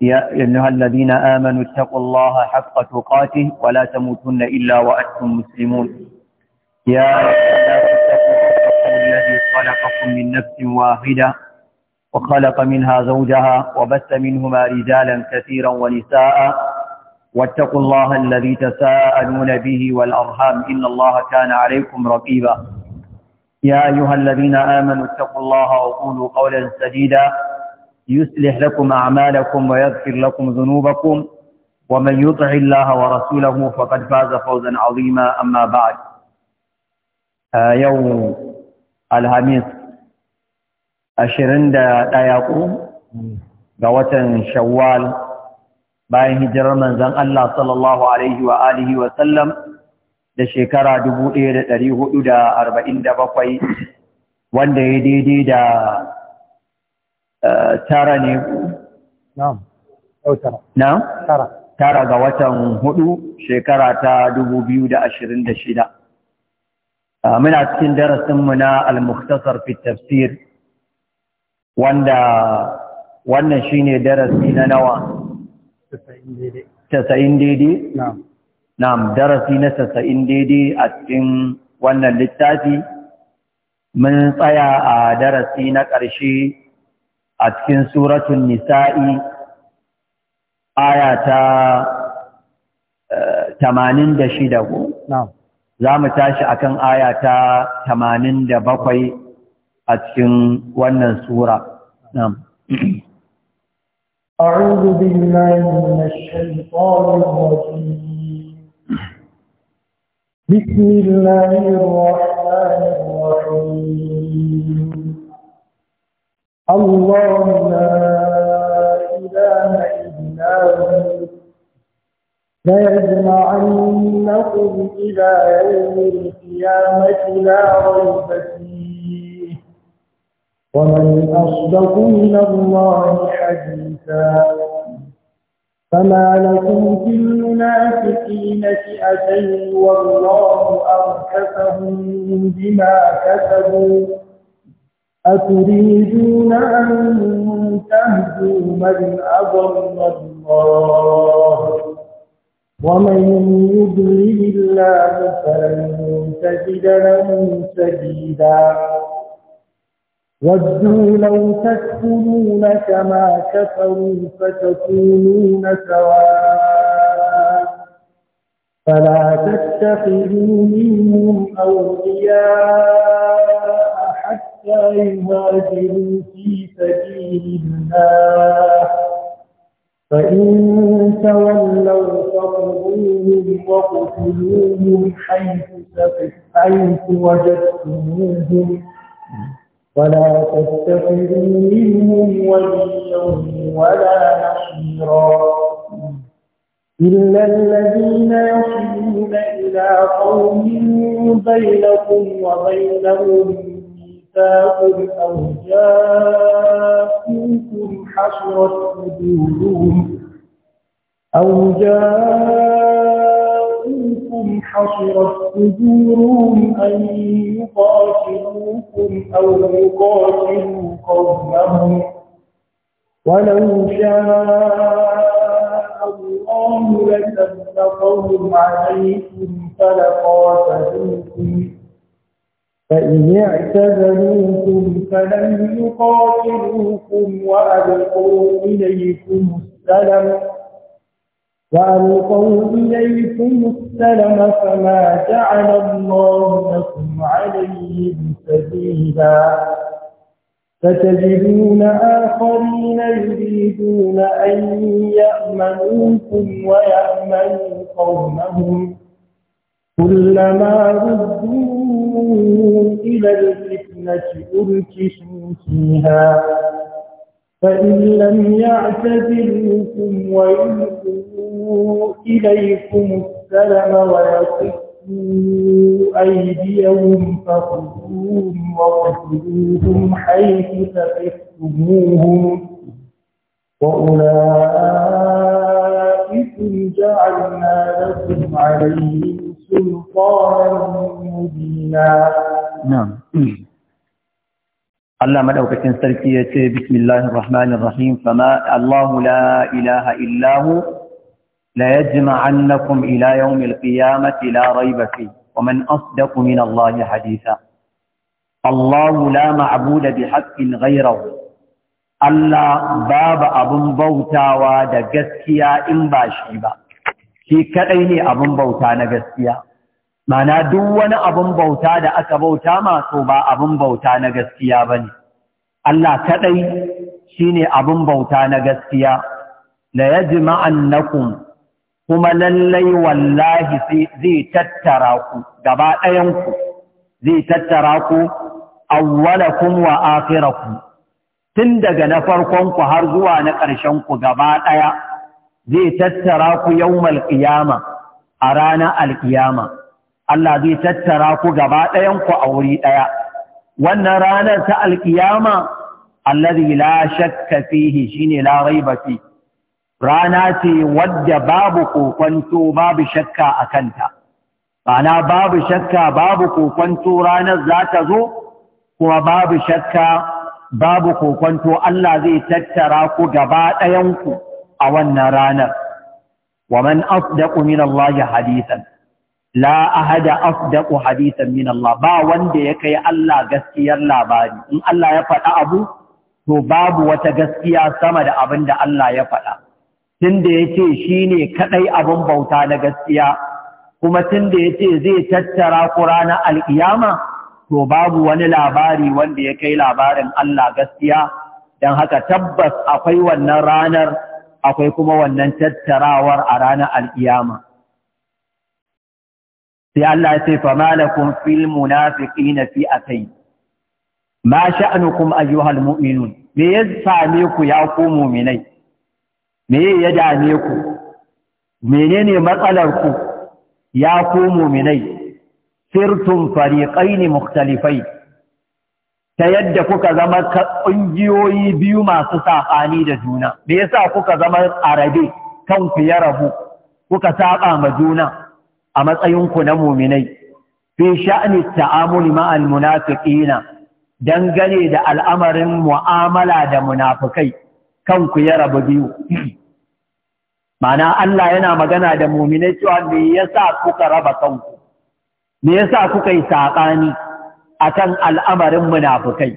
يا أيها الذين آمنوا اتقوا الله حق تقاته ولا تموتن إلا وأنتم مسلمون يا الناس اتقوا الذي خلقكم من نفس واحدة وخلق منها زوجها وبث منهما رجالا كثيرا ونساء واتقوا الله الذي تساءلون به والأرحام إن الله كان عليكم رقيبا يا أيها الذين آمنوا اتقوا الله وقولوا قولا سديدا يُسْلِحْ لَكُمْ أَعْمَالَكُمْ وَيَغْفِرْ لَكُمْ ذُنُوبَكُمْ وَمَنْ يُطِعِ اللَّهَ وَرَسُولَهُ فَقَدْ فَازَ فَوْزًا عَظِيمًا أَمَّا بَعْدُ يَوْمُ الْخَمِيسِ 21 قُمْ ga watan Shawwal bayan hijirar manzon Allah sallallahu alaihi wa alihi wa sallam da shekara 1447 wanda ya daidai da tara ne na'am tara na'am tara tara ga watan hudu shekara ta 2026 muna cikin darasin mu na al-mukhtasar fi tafsir wanda wannan shine darasi na nawa 90 daidai na'am na'am darasi na 90 daidai a cikin wannan littafi mun tsaya a darasi na ƙarshe a cikin suratun nisa'i aya ta eh, shida ku za mu tashi a kan aya ta bakwai a cikin wannan sura أعوذ بالله من الشيطان الرجيم بسم الله الرحمن الرحيم اللهم لا إله إلا أنت ليجمعنكم إلى يوم القيامة لا ريب فيه ومن أصدق من الله حديثا فما لكم في المنافقين فئتين والله أركسهم بما كسبوا أتريدون أن تهدوا من أضل الله ومن يضلل الله فلن تجد له سبيلا ودوا لو تكفرون كما كفروا فتكونون سواء فلا تتخذوا منهم أولياء حتى يهاجروا في سبيل الله فإن تولوا فاقتلوهم واقتلوهم حيث حيث وجدتموهم ولا تتخذوا منهم وليا ولا نصيرا إلا الذين يصلون إلى قوم بينكم وبينهم نساء أو جاءوكم حشرت وجوههم أو جاءكم حشرت وجوههم أن يقاتلوكم أو يقاتلوا قومهم ولو شاء الله لتبتقوهم عليكم فلقاتلوكم فإن اعتزلوكم فلم يقاتلوكم وألقوا إليكم السلم وألقوا إليكم السلم فما جعل الله لكم عليهم سبيلا فتجدون آخرين يريدون أن يأمنوكم ويأمنوا قومهم كلما ردوا إلى الفتنة أركسوا فيها فإن لم يعتذركم ويلقوا إليكم السلم ويصفوا أيديهم فخذوهم وقتلوهم حيث تقفتموهم وأولئكم جعلنا لكم عليهم سلطانا مبينا نعم الله مدوكتين سركية بسم الله الرحمن الرحيم فما الله لا إله إلا هو لا يجمعنكم إلى يوم القيامة لا ريب فيه ومن أصدق من الله حديثا الله لا معبود بحق غيره Allah باب أبو bautawa da gaskiya in shi kaɗai ne abin bauta na gaskiya mana duk wani abin bauta da aka bauta masu ba abin bauta na gaskiya bane Allah shi shine abin bauta na gaskiya la yajma'annakum kuma lallai wallahi zai tattara ku gaba ɗayan ku zai tattara ku awwalakum wa akhirakum tun daga na farkon ku har zuwa na ƙarshen ku gaba ɗaya zai tattara ku yawmal qiyama a ranar alkiyama Allah zai tattara ku gaba ku a wuri ɗaya wannan ranar ta alkiyama alladhi la shakka fihi shine larai raiba fi rana ce wadda babu kokwanto babu shakka a kanta ana babu shakka babu kokwanto ranar za ta zo kuma babu shakka babu kokwanto Allah zai tattara ku gaba ɗayanku a wannan ranar wa man asdaqu min Allah hadisan, la ahada asdaqu hadisan min Allah ba wanda ya kai Allah gaskiyar labari in Allah ya faɗa abu to babu wata gaskiya sama da abin da Allah ya faɗa tunda yace ne kaɗai abin bauta na gaskiya kuma tunda ce zai tattara ku ranar alkiyama to babu wani labari wanda ya kai labarin Allah gaskiya don haka tabbas akwai wannan ranar akwai kuma wannan tattarawar a ranar al'iyama. Sai Allah ya ce, Fama filmu na fil munafiki na fi a kai, ma sha'anukum ayyuhal mu'minun, me ya same ku ya ku muminai, me ya dame ku, menene matsalar ku ya ku muminai, Firtun fariƙai ne mukhtalifai. ta yadda kuka zama ƙungiyoyi biyu masu saɓani da juna, me yasa kuka zama arabe kan ku ya rabu, kuka saɓa ma juna a matsayinku na muminai, fi sha'ani ta'amuli ma'al munafiqina dangane da al'amarin mu'amala da munafukai kan ku ya rabu biyu. Mana Allah yana magana da muminai cewa me yasa kuka raba kanku, me yasa kuka yi saɓani. akan al'amarin munafukai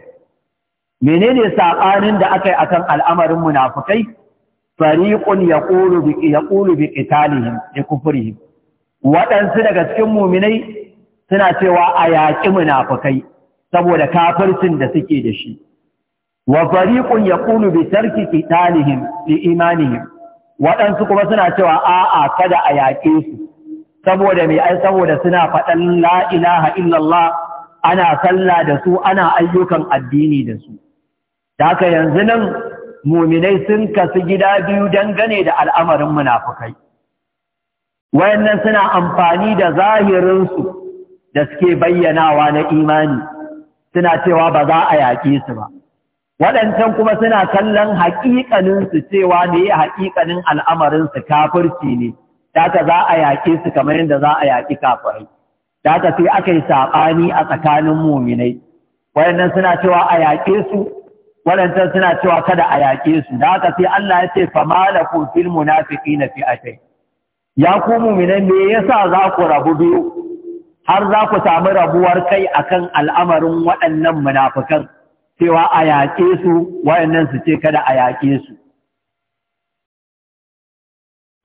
menene saɓanin da aka yi akan al'amarin munafukai fariqun ya ƙulu bi qitalihim ya kufurihim. waɗansu daga cikin muminai suna cewa a yaƙi munafukai saboda kafircin da suke da shi wa fariqun ƙulu bi tarki qitalihim li imanihim waɗansu kuma suna cewa a'a kada a yaƙe su saboda mai ai saboda suna faɗan la ilaha illallah ana sallah da su ana ayyukan addini da su da haka yanzu nan muminai sun kasu gida biyu dangane da al'amarin munafukai wayannan suna amfani da zahirinsu da suke bayyanawa na imani suna cewa ba za a yaƙe su ba waɗancan kuma suna kallon haƙiƙaninsu cewa ne ya haƙiƙanin al'amarinsu kafirci ne, ta za a yaƙe su kamar yadda za a yaƙi kafirai. da aka sai aka yi saɓani a tsakanin muminai waɗannan suna cewa a yaƙe su waɗancan suna cewa kada a yaƙe su da aka sai Allah ya ce fa malakum fil fi fi'atay ya ku muminai me yasa za ku rabu biyu har za ku samu rabuwar kai akan al'amarin waɗannan munafukan? cewa a yaƙe su waɗannan su ce kada a yaƙe su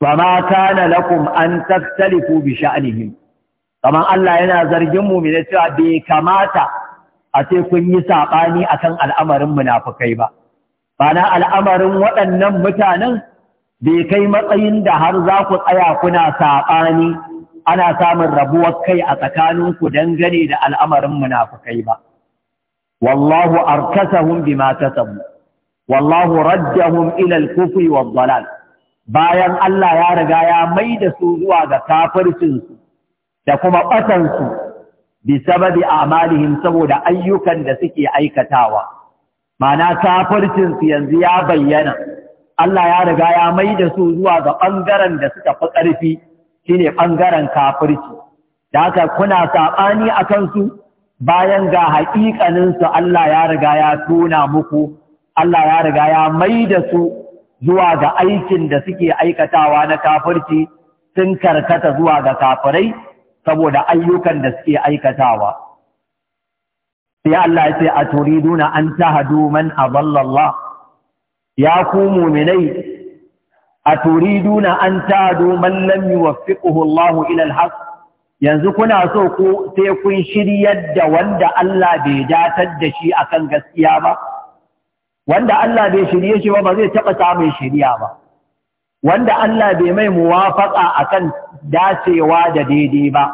lakum lakum an أن bi sha'anihim kamar Allah yana zargin mumine cewa bai kamata a ce kun yi saɓani akan al'amarin munafukai ba bana al'amarin waɗannan mutanen bai kai matsayin da har za ku tsaya kuna saɓani ana samun rabuwar kai a tsakaninku dangane da al'amarin munafukai ba wallahu arkasahum bima kasabu wallahu raddahum ilal al-kufri wad-dalal bayan Allah ya riga ya maida su zuwa ga kafircinsu da kuma ɓatansu bi sababi amalihim saboda ayyukan da suke aikatawa mana kafircinsu yanzu ya bayyana Allah ya riga ya mai da su zuwa ga ɓangaren da suka fi ƙarfi shine ɓangaren kafirci da haka kuna saɓani a kansu bayan ga haƙiƙaninsu Allah ya riga ya tona muku Allah ya riga ya mai da su zuwa ga aikin da suke aikatawa na kafirci sun karkata zuwa ga kafirai saboda ayyukan da suke aikatawa sai Allah ya ce a duna an tahadu man adalla ya ku mu'minai a duna an tahadu man lam yuwaffiquhu Allah ila al yanzu kuna so ku sai kun shiryar da wanda Allah bai datar da shi akan gaskiya ba wanda Allah bai shirye shi ba ba zai taɓa samun shiriya ba wanda Allah bai mai muwafaƙa akan dacewa da daidai ba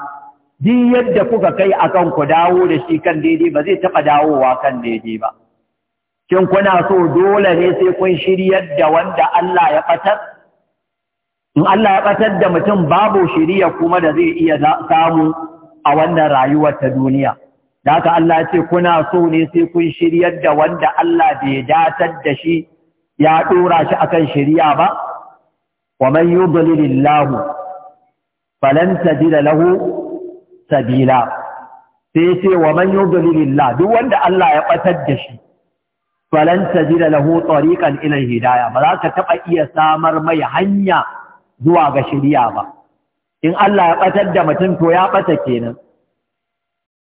duk yadda kuka kai akan ku dawo da shi kan daidai ba zai taɓa dawowa kan daidai ba kin kuna so dole ne sai kun shiryar da wanda Allah ya fatar in Allah ya batar da mutum babu shiriya kuma da zai iya samu a wannan rayuwar ta duniya da haka Allah ce kuna so ne sai kun shiryar da wanda Allah bai datar da shi ya dora shi akan shiriya ba ومن يضلل الله فلن تجد له سبيلا sai ce wa man yudlilillah duk wanda Allah ya batar da shi falan tajida lahu tariqan ila hidayah ba za ka taba iya samar mai hanya zuwa ga shari'a ba in Allah ya batar da mutum to ya bata kenan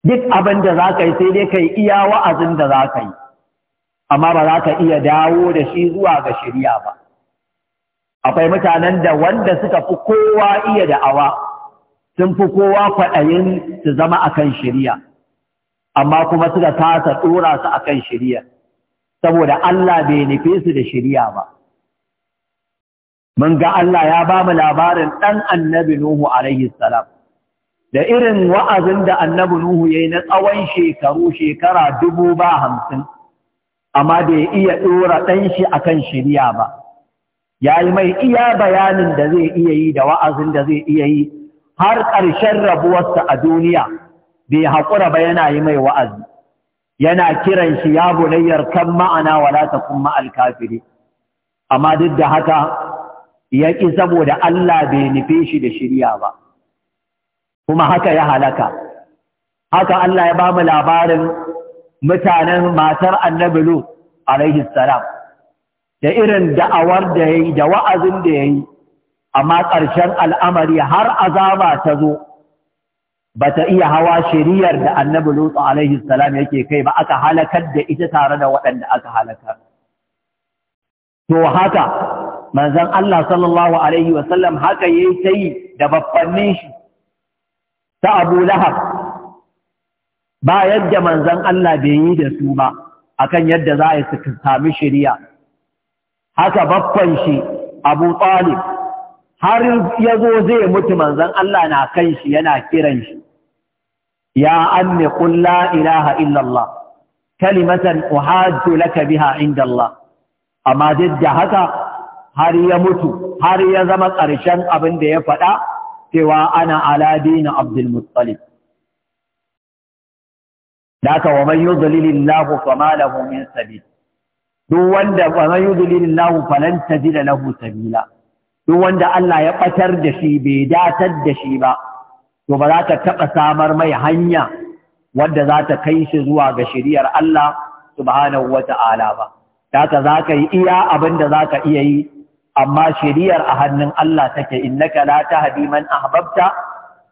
duk abin da za ka yi sai dai kai iya wa'azin da za ka yi amma ba za ka iya dawo da shi zuwa ga shari'a ba akwai mutanen da wanda suka fi kowa iya da'awa sun fi kowa kwaɗayin su zama akan shari'a amma kuma suka kasa ɗora su akan shari'a saboda Allah bai nufe su da shari'a ba mun ga Allah ya ba mu labarin ɗan annabi Nuhu alaihi salam da irin wa'azin da annabi Nuhu ya yi na tsawon shekaru shekara dubu ba hamsin amma bai iya ɗora ɗan shi akan shari'a ba ya yi mai iya bayanin da zai iya yi da wa'azin da zai iya yi har ƙarshen rabuwarsa a duniya bai haƙura ba yana yi mai wa'azi yana kiran shi ya bunayyar kan ma'ana walata kuma alkafiri amma duk da haka ya ƙi saboda Allah bai nufe shi da shirya ba kuma haka ya halaka haka Allah ya ba mu labarin mutanen matar annabi lu alaihi salam da irin da'awar da ya yi da wa'azin da ya yi amma ƙarshen al'amari har azaba ta zo ba ta iya hawa shiriyar da annabi lutsu alaihi salam yake kai ba aka halakar da ita tare da waɗanda aka halakar to haka manzan Allah sallallahu alaihi wasallam haka yayi ta yi da babbannin shi ta Abu Lahab ba yadda manzon Allah bai yi da su ba akan yadda za a sami shiriya haka baffan shi Abu Talib har ya zo zai mutu manzon Allah na kan shi yana kiran shi ya ammi qul ilaha illallah, Allah kalimatan uhajju laka biha inda Allah amma da haka har ya mutu har ya zama ƙarshen abin da ya faɗa cewa ana ala dina Abdul Muttalib Daka wa man yudlilillahu fama lahu min sabil duk wanda fa man yudlilillahu falan tajid lahu sabila duk wanda Allah ya batar da shi bai datar da shi ba to ba za ta taba samar mai hanya wanda za ta kai shi zuwa ga shiriyar Allah subhanahu wata'ala ba haka za ka yi iya abin da za ka iya yi amma shiriyar a hannun Allah take innaka la tahdi man ahbabta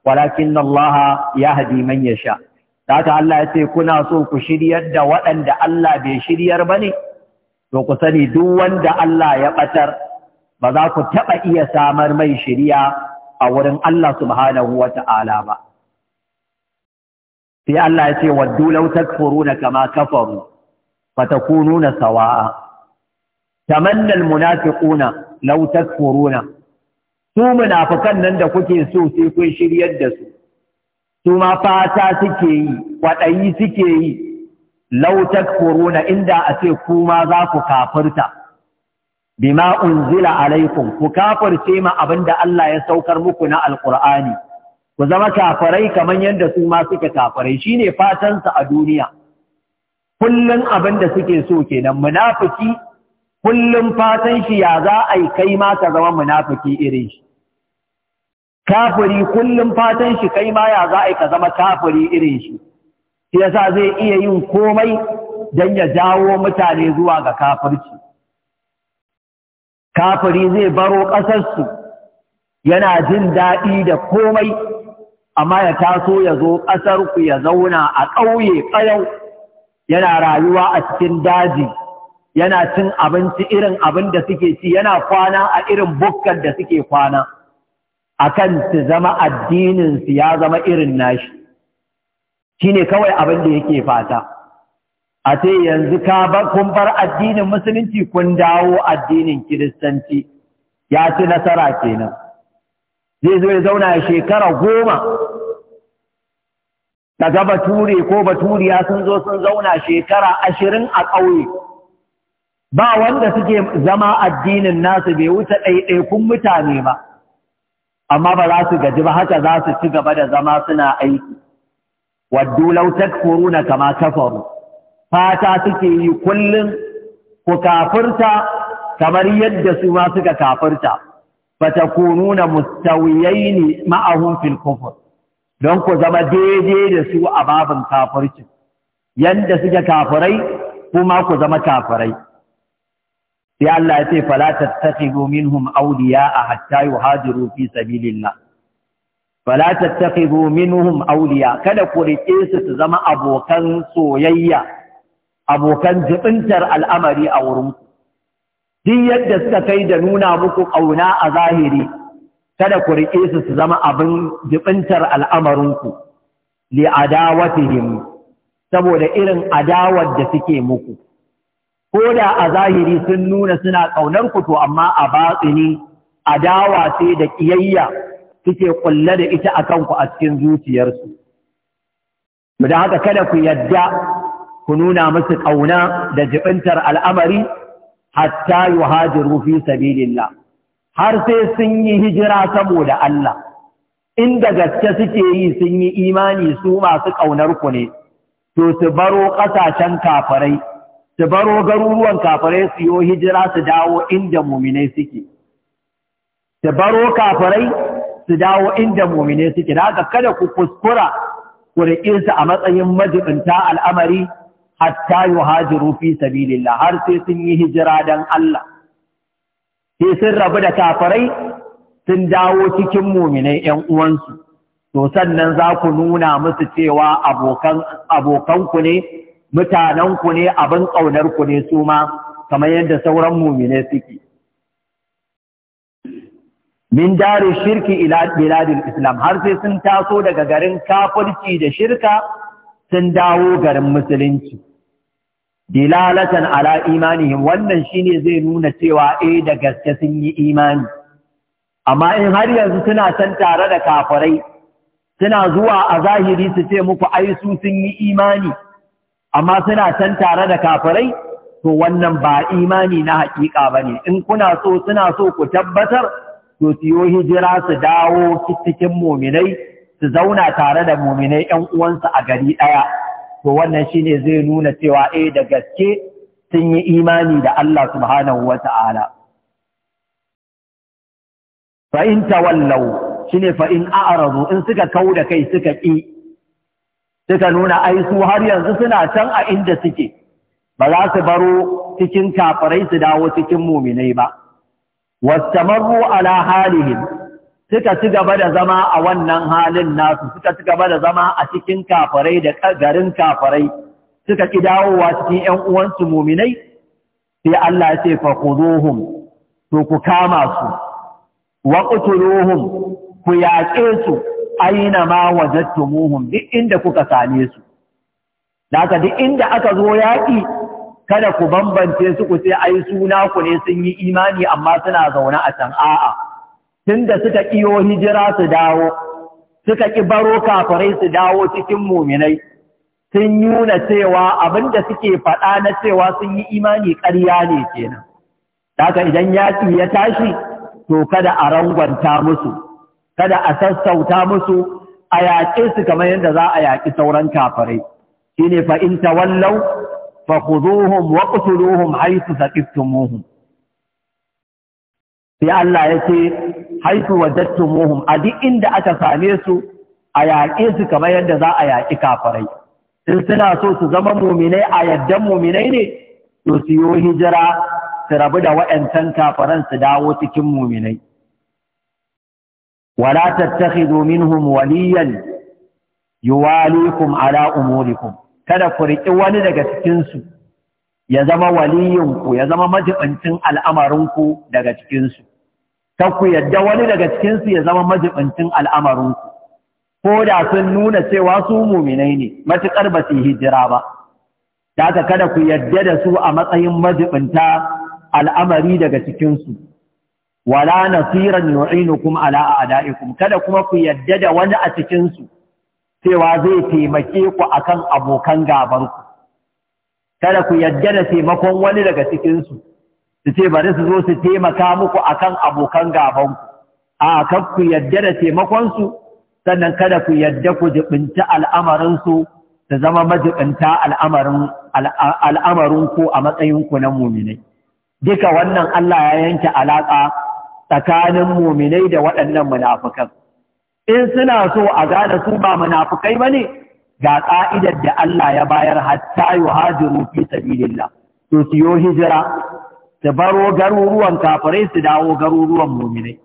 walakin Allah yahdi man yasha haka Allah ya ce kuna so ku shiryar da waɗanda Allah bai shiryar bane ne to ku sani duk wanda Allah ya batar ba za ku taɓa iya samar mai shiriya a wurin Allah subhanahu wa ta'ala ba. Sai Allah ya ce, waddu lau takfuruna kama kafaru, fatakununa sawa'a. Tamannal munafiquna lau takfuruna. Su munafukan nan da kuke so sai kun shiryar da su. Su ma fata suke yi, kwaɗayi suke yi, Lautak takfuruna inda a ce kuma za ku kafirta bima unzila alaikum ku kafurce ma abinda Allah ya saukar muku na Alƙur'ani, ku zama kafarai kamar yadda su ma suke kafirai shine ne su a duniya kullun abinda suke so kenan munafuki kullum fatan shi ya za ai kai ma ka zama munafuki irin shi kafiri kullum fatan shi kai ma ya za ai ka zama kafiri irin shi shi yasa zai iya yin komai don ya jawo mutane zuwa ga kafirci kafiri zai baro ƙasarsu yana jin daɗi da komai amma ya taso ya zo ƙasarku ya zauna a ƙauye ƙayau yana rayuwa a cikin daji yana cin abinci irin abin da suke ci yana kwana a irin bukkar da suke kwana akan su zama addininsu ya zama irin nashi Shi ne kawai abin da yake fata a ce yanzu ka bar kun bar addinin musulunci kun dawo addinin kiristanci ya ci nasara kenan zai zo ya zauna ya shekara goma daga bature ko baturiya sun zo sun zauna shekara ashirin a ƙauye ba wanda suke zama addinin nasu bai wuce ɗaiɗaikun mutane ba amma ba za su gaji ba haka za su ci gaba da zama suna aiki waddu law takfuruna kama kafaru fata suke yi kullum ku kafirta kamar yadda su ma suka kafirta fatakununa mustawiyaini ma'ahum fil kufr don ku zama daidai da su a babin kafirci yanda suke kafirai kuma ku zama kafirai sai Allah ya ce fala tattakhidu minhum awliya hatta yuhajiru fi sabilillah fala tattakhidhu minhum awliya kada ku rike su zama abokan soyayya abokan jibintar al'amari a wurin duk yadda suka kai da nuna muku kauna a zahiri kada ku rike su zama abin jibintar al'amarin ku li adawatihim saboda irin adawar da suke muku ko da a zahiri sun nuna suna kaunar ku to amma a batsini adawa sai da ƙiyayya. suke kulle da ita a kanku a cikin zuciyarsu. Da haka kada ku yadda ku nuna musu ƙauna da jibintar al'amari hatta yi hajiru fi sabilillah har sai sun yi hijira saboda Allah, inda gaske suke yi sun yi imani su masu ƙaunar ku ne, to su baro ƙasashen kafarai, su baro garuruwan kafarai su yi hijira su dawo inda muminai suke. Su baro kafarai su dawo inda mumine suke da haka kada ku kuskura ku riƙe a matsayin majibinta al'amari hatta yuhajiru fi sabilillah har sai sun yi hijira dan Allah sai sun rabu da kafirai sun dawo cikin mumine 'yan uwansu to sannan za ku nuna musu cewa abokanku ne mutanenku ne abin ƙaunarku ne su ma kamar yadda sauran mumine suke min dari shirki ila biladil islam har sai sun taso daga garin kafirci da shirka sun dawo garin musulunci dilalatan ala imanihim wannan shine zai nuna cewa eh da gaske sun yi imani amma in har yanzu suna san tare da kafirai suna zuwa a zahiri su ce muku ai su sun yi imani amma suna san tare da kafirai to wannan ba imani na haƙiƙa bane in kuna so suna so ku tabbatar to su hijira su dawo cikin muminai su zauna tare da muminai ‘yan uwansu a gari ɗaya, to wannan shi ne zai nuna cewa eh da gaske sun yi imani da Allah subhanahu wa ta'ala. in tawallau shine fa in a'radu in suka kau da kai suka ki suka nuna ai su har yanzu suna can a inda suke, ba za su baro cikin kafirai su dawo cikin muminai ba. wastamarru ala halihim suka ci gaba da zama a wannan halin nasu suka ci gaba da zama a cikin kafarai da garin kafarai suka ki dawowa cikin ƴan uwansu muminai sai Allah ya ce fa khuduhum to ku kama su wa qutuluhum ku yaƙe su aina ma wajadtumuhum duk inda kuka same su da duk inda aka zo yaƙi kada ku bambance su ku sai ai suna ku ne sun yi imani amma suna zaune a can a'a tunda suka kiyo hijira su dawo suka ki baro kafirai su dawo cikin muminai sun nuna cewa abinda suke faɗa na cewa sun yi imani ƙarya ne kenan haka idan yaƙi ya tashi to kada a rangwanta musu kada a sassauta musu a yaƙe su kamar yadda za a yaƙi sauran kafirai shine fa in tawallau fakhuduhum wa qtuluhum haythu saqiftumuhum sai Allah ya ce haythu wajadtumuhum a duk inda aka same su a yaƙe su kamar yadda za a yaƙi kafarai in suna so su zama muminai a yadda muminai ne su siyo hijira su rabu da waɗancan kafaran su dawo cikin muminai wala domin minhum waliyan yuwalikum ala umurikum kada ku riƙi wani daga cikinsu ya zama waliyinku ya zama majibincin al'amarinku daga cikinsu ta ku yadda wani daga cikinsu ya zama majibincin al'amarinku ko da sun nuna cewa su muminai ne matuƙar ba su hijira ba daga kada ku yadda da su a matsayin majibinta al'amari daga cikinsu wala nasiran yu'inukum ala a'da'ikum kada kuma ku yadda da wani a cikinsu cewa zai taimake ku akan abokan gabarku kada ku yadda da taimakon wani daga cikinsu su ce bari su zo su taimaka muku akan abokan gabanku a kan ku yadda da taimakonsu sannan kada ku yadda ku jibinta al'amarinsu su zama majibinta al'amarinku a matsayinku na muminai duka wannan Allah ya yanke alaƙa tsakanin muminai da waɗannan munafukan in suna so a gane su ba munafukai ba ne ga ƙa'idar da Allah ya bayar hatta yi hajjiru fi sabilillah to su yi hijira su baro garuruwan kafirai su dawo garuruwan muminai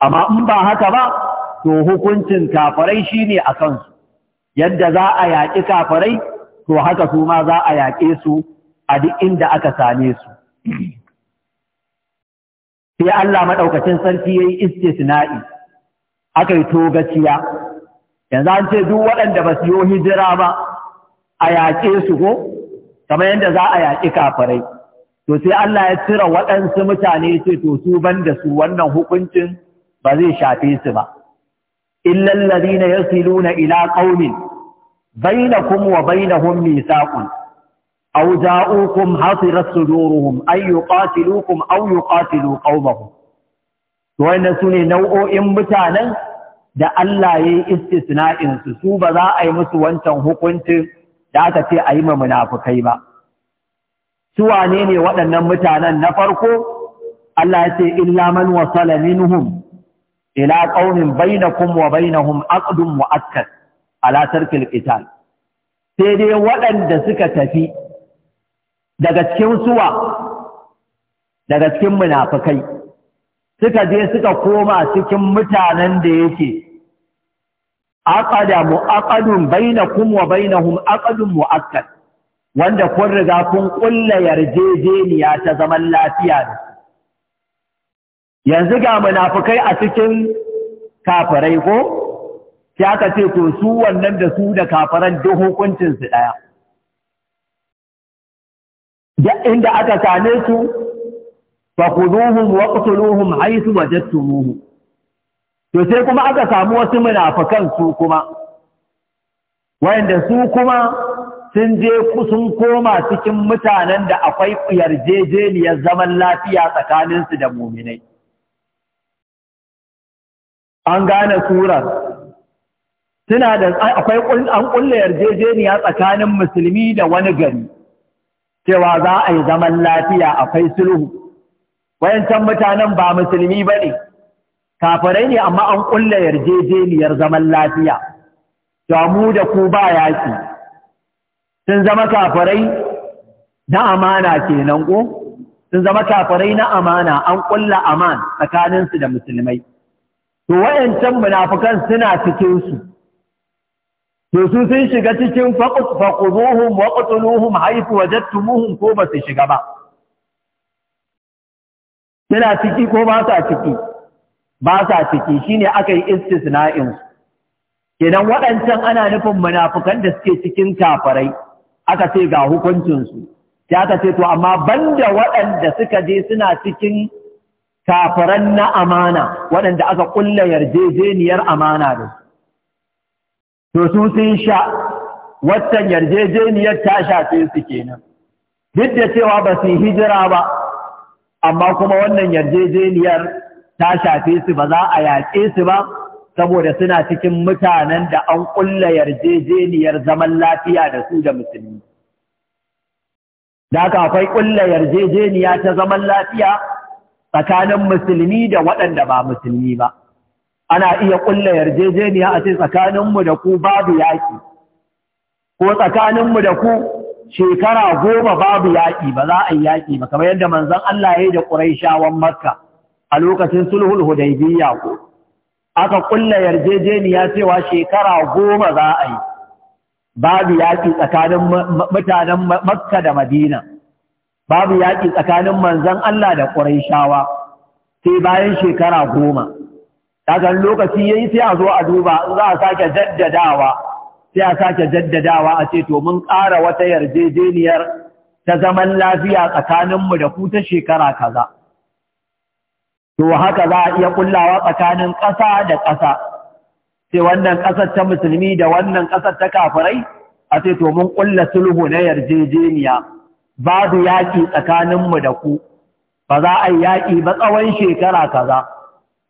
amma in ba haka ba to hukuncin kafirai shine a kansu yadda za a yaƙi kafirai to haka su ma za a yaƙe su a duk inda aka same su sai Allah maɗaukacin sarki ya yi istisna'i aka yi togaciya yanzu an ce duk waɗanda ba su yi hijira ba a yaƙe su ko kamar yadda za a yaƙi kafirai to sai Allah ya cire waɗansu mutane ce to su ban da su wannan hukuncin ba zai shafe su ba illal ladina yasiluna ila qaumin bainakum wa bainahum mithaqun aw ja'ukum hasirat suduruhum ay yuqatilukum aw yuqatilu qaumahum to wannan sune nau'o'in mutanen da Allah ya yi istisna'in su su ba za a yi musu wancan hukuncin da aka ce a yi ma munafukai ba su wane ne waɗannan mutanen na farko Allah ya ce illa man wasala minhum ila baina bainakum wa bainahum aqdun mu'akkad ala tarkil qital sai dai waɗanda suka tafi daga cikin suwa daga cikin munafukai suka je suka koma cikin mutanen da yake aqada mu'aqadun bainakum wa bainahum aqadun mu'akkad wanda kun riga kun kulla yarjejeniya ta zaman lafiya yanzu ga munafikai a cikin kafirai ko ya aka ce to su wannan da su da kafiran duk hukuncin su daya da inda aka same su fa khuduhum qtuluhum haythu wajadtumuhum to sai kuma aka samu wasu munafukan su kuma wayanda su kuma sun je sun koma cikin mutanen da akwai yarjejeniyar zaman lafiya tsakaninsu da muminai an gane surar suna da akwai an kulle yarjejeniya tsakanin musulmi da wani gari cewa za a yi zaman lafiya akwai sulhu wayancan mutanen ba musulmi ba ne kafirai ne amma an ƙulla yarjejeniyar zaman lafiya to mu da ku ba yaki sun zama kafirai na amana kenan ko sun zama kafirai na amana an ƙulla aman tsakaninsu da musulmai to wayancan munafukan suna cikin su to su sun shiga cikin faquduhum wa qatluhum haythu wajadtumuhum ko ba su shiga ba suna ciki ko ba ciki ba sa ciki shine aka yi istisna'insu. su kenan waɗancan ana nufin munafukan da suke cikin kafarai aka ce ga hukuncinsu sai aka ce to amma banda waɗanda suka je suna cikin kafaran na amana waɗanda aka ƙulla yarjejeniyar amana da su to su sun sha waccan yarjejeniyar ta shafe su kenan duk da cewa ba su hijira ba amma kuma wannan yarjejeniyar ta shafe su ba za a yaƙe su ba saboda suna cikin mutanen da an ƙulla yarjejeniyar zaman lafiya da su da musulmi. Da haka akwai ƙulla yarjejeniya ta zaman lafiya tsakanin musulmi da waɗanda ba musulmi ba. Ana iya ƙulla yarjejeniya a ce tsakaninmu da ku babu yaƙi, ko tsakaninmu da ku shekara goma babu yaƙi ba za a yi yaƙi ba, kamar yadda manzon Allah ya yi da ƙuraishawan Makka. a lokacin sulhul hudaybiyya ko aka kulla yarjejeniya cewa shekara goma za a yi babu yaƙi tsakanin mutanen makka da madina babu yaƙi tsakanin manzan Allah da ƙuraishawa sai bayan shekara goma daga lokaci yayi sai a zo a duba za a sake jaddadawa sai a sake jaddadawa a ce to mun ƙara wata yarjejeniyar ta zaman lafiya tsakaninmu da ku ta shekara kaza to haka za a iya kullawa tsakanin ƙasa da ƙasa sai wannan ƙasar ta musulmi da wannan ƙasar ta kafirai a sai to mun kulla sulhu na yarjejeniya babu yaƙi tsakaninmu da ku ba za a yi yaƙi ba tsawon shekara kaza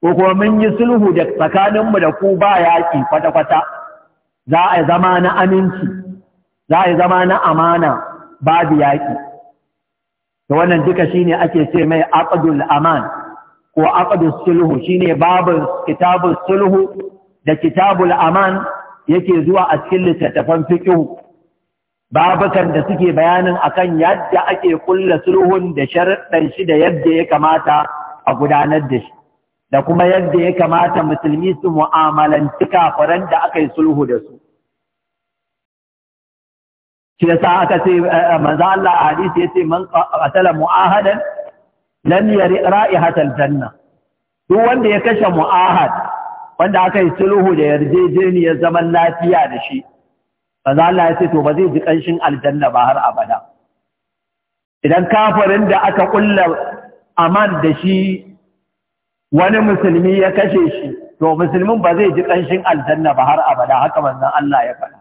ko kuma mun yi sulhu da tsakaninmu da ku ba yaƙi kwata-kwata za a yi zama na aminci za a yi zama na amana babu yaƙi da wannan duka shine ake ce mai aqdul aman ko aqdus sulhu shine babul kitabul sulhu da kitabul aman yake zuwa a cikin littattafan fiqh Babakan da suke bayanin akan yadda ake kulla sulhun da sharuɗan shi da yadda ya kamata a gudanar da shi da kuma yadda ya kamata musulmi su mu'amalanci kafiran da aka yi sulhu da su shi yasa aka ce eh, eh, manzo Allah a hadisi yace man qatala mu'ahadan lam yari ra'ihatal janna duk wanda ya kashe mu'ahad wanda aka yi sulhu da yarjejeniyar zaman lafiya da shi manzo Allah ya ce to ba zai ji kanshin aljanna ba har abada idan kafirin da aka kulla aman da shi wani musulmi ya kashe shi to musulmin ba zai ji kanshin aljanna ba har abada haka manzon Allah ya faɗa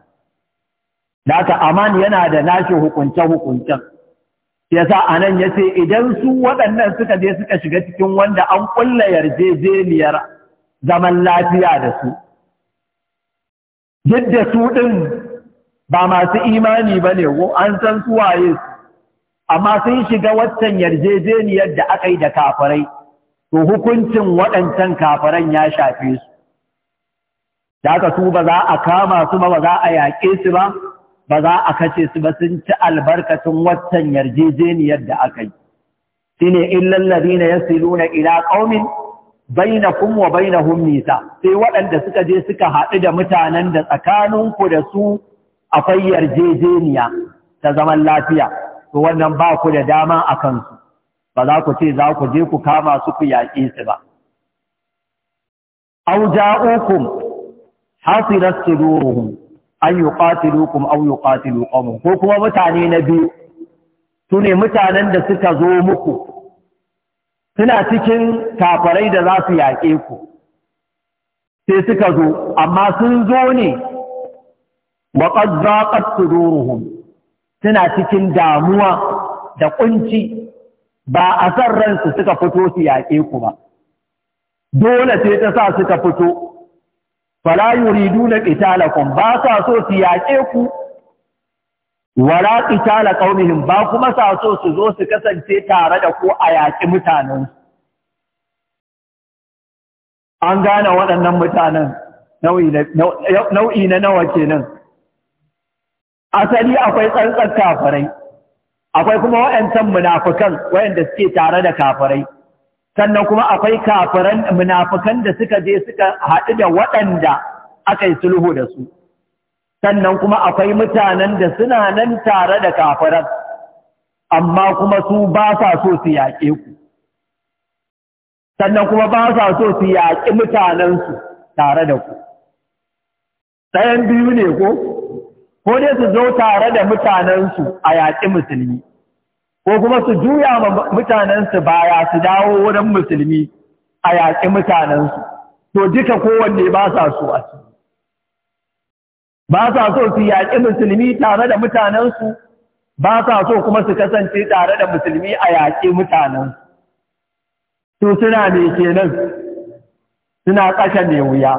da haka aman yana da nashi hukunce hukuncen yasa anan ya ce idan su waɗannan suka je suka shiga cikin wanda an ƙulla yarjejeniyar zaman lafiya da su duk su ɗin ba masu imani ba ne ko an san su waye su amma sun shiga waccan yarjejeniyar da aka yi da kafirai to hukuncin waɗancan kafiran ya shafe su da aka su ba za a kama su ba ba za a yaƙe su ba ba za a kace su ba sun ci albarkacin waccan yarjejeniyar da aka yi shine illal ladina na ila qaumin bainakum wa na nisa sai waɗanda suka je suka haɗu da mutanen da tsakaninku da su akwai yarjejeniya ta zaman lafiya to wannan ba ku da dama a kansu ba za ku ce za ku je ku kama su ku yaƙe su ba aw ja'ukum hasirat an yi an yi ƙatilu qawmun ko kuma mutane na biyu su ne mutanen da suka zo muku suna cikin kafarai da za su yaƙe ku sai suka zo amma sun zo ne wa su zo ruhun suna cikin damuwa da ƙunci ba a san ransu suka fito su yaƙe ku ba dole sai ta sa suka fito fala yuriduna qitalakum ba sa so su yaƙe ku wala qitala qaumihim ba kuma sa so su zo su kasance tare da ku a yaƙi mutanen an gane waɗannan mutanen nau'i na nawa kenan asali akwai tsantsan kafirai akwai kuma waɗancan munafukan waɗanda suke tare da kafirai sannan kuma akwai kafiran munafikan da suka je suka haɗu da waɗanda aka yi sulhu da su sannan kuma akwai mutanen da suna nan tare da kafiran amma kuma su ba sa so su yaƙe ku sannan kuma ba sa so su yaƙi mutanensu tare da ku ɗayan biyu ne ko ko dai su zo tare da mutanensu a yaƙi musulmi ko kuma su juya ma mutanensu baya su dawo wurin musulmi a yaƙi mutanensu to duka kowanne ba sa so a su. ba sa so su yaƙi musulmi tare da mutanensu ba sa so kuma su kasance tare da musulmi a yaƙi mutanensu to suna ne kenan suna tsaka mai wuya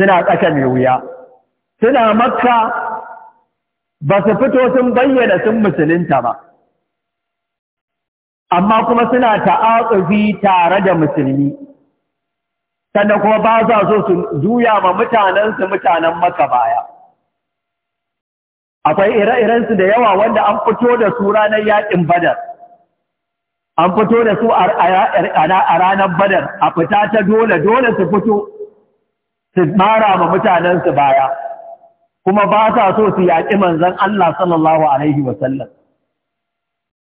suna tsaka mai wuya suna makka ba su fito sun bayyana sun musulunta ba amma kuma suna ta'atsufi tare da musulmi sannan kuma ba za so su juya ma mutanensu mutanen maka baya akwai ire-irensu da yawa wanda an fito da su ranar yaƙin badar an fito da su a ranar badar a fita ta dole dole su fito su mara ma mutanensu baya kuma ba sa so su yaƙi manzan Allah sallallahu Alaihi wasallam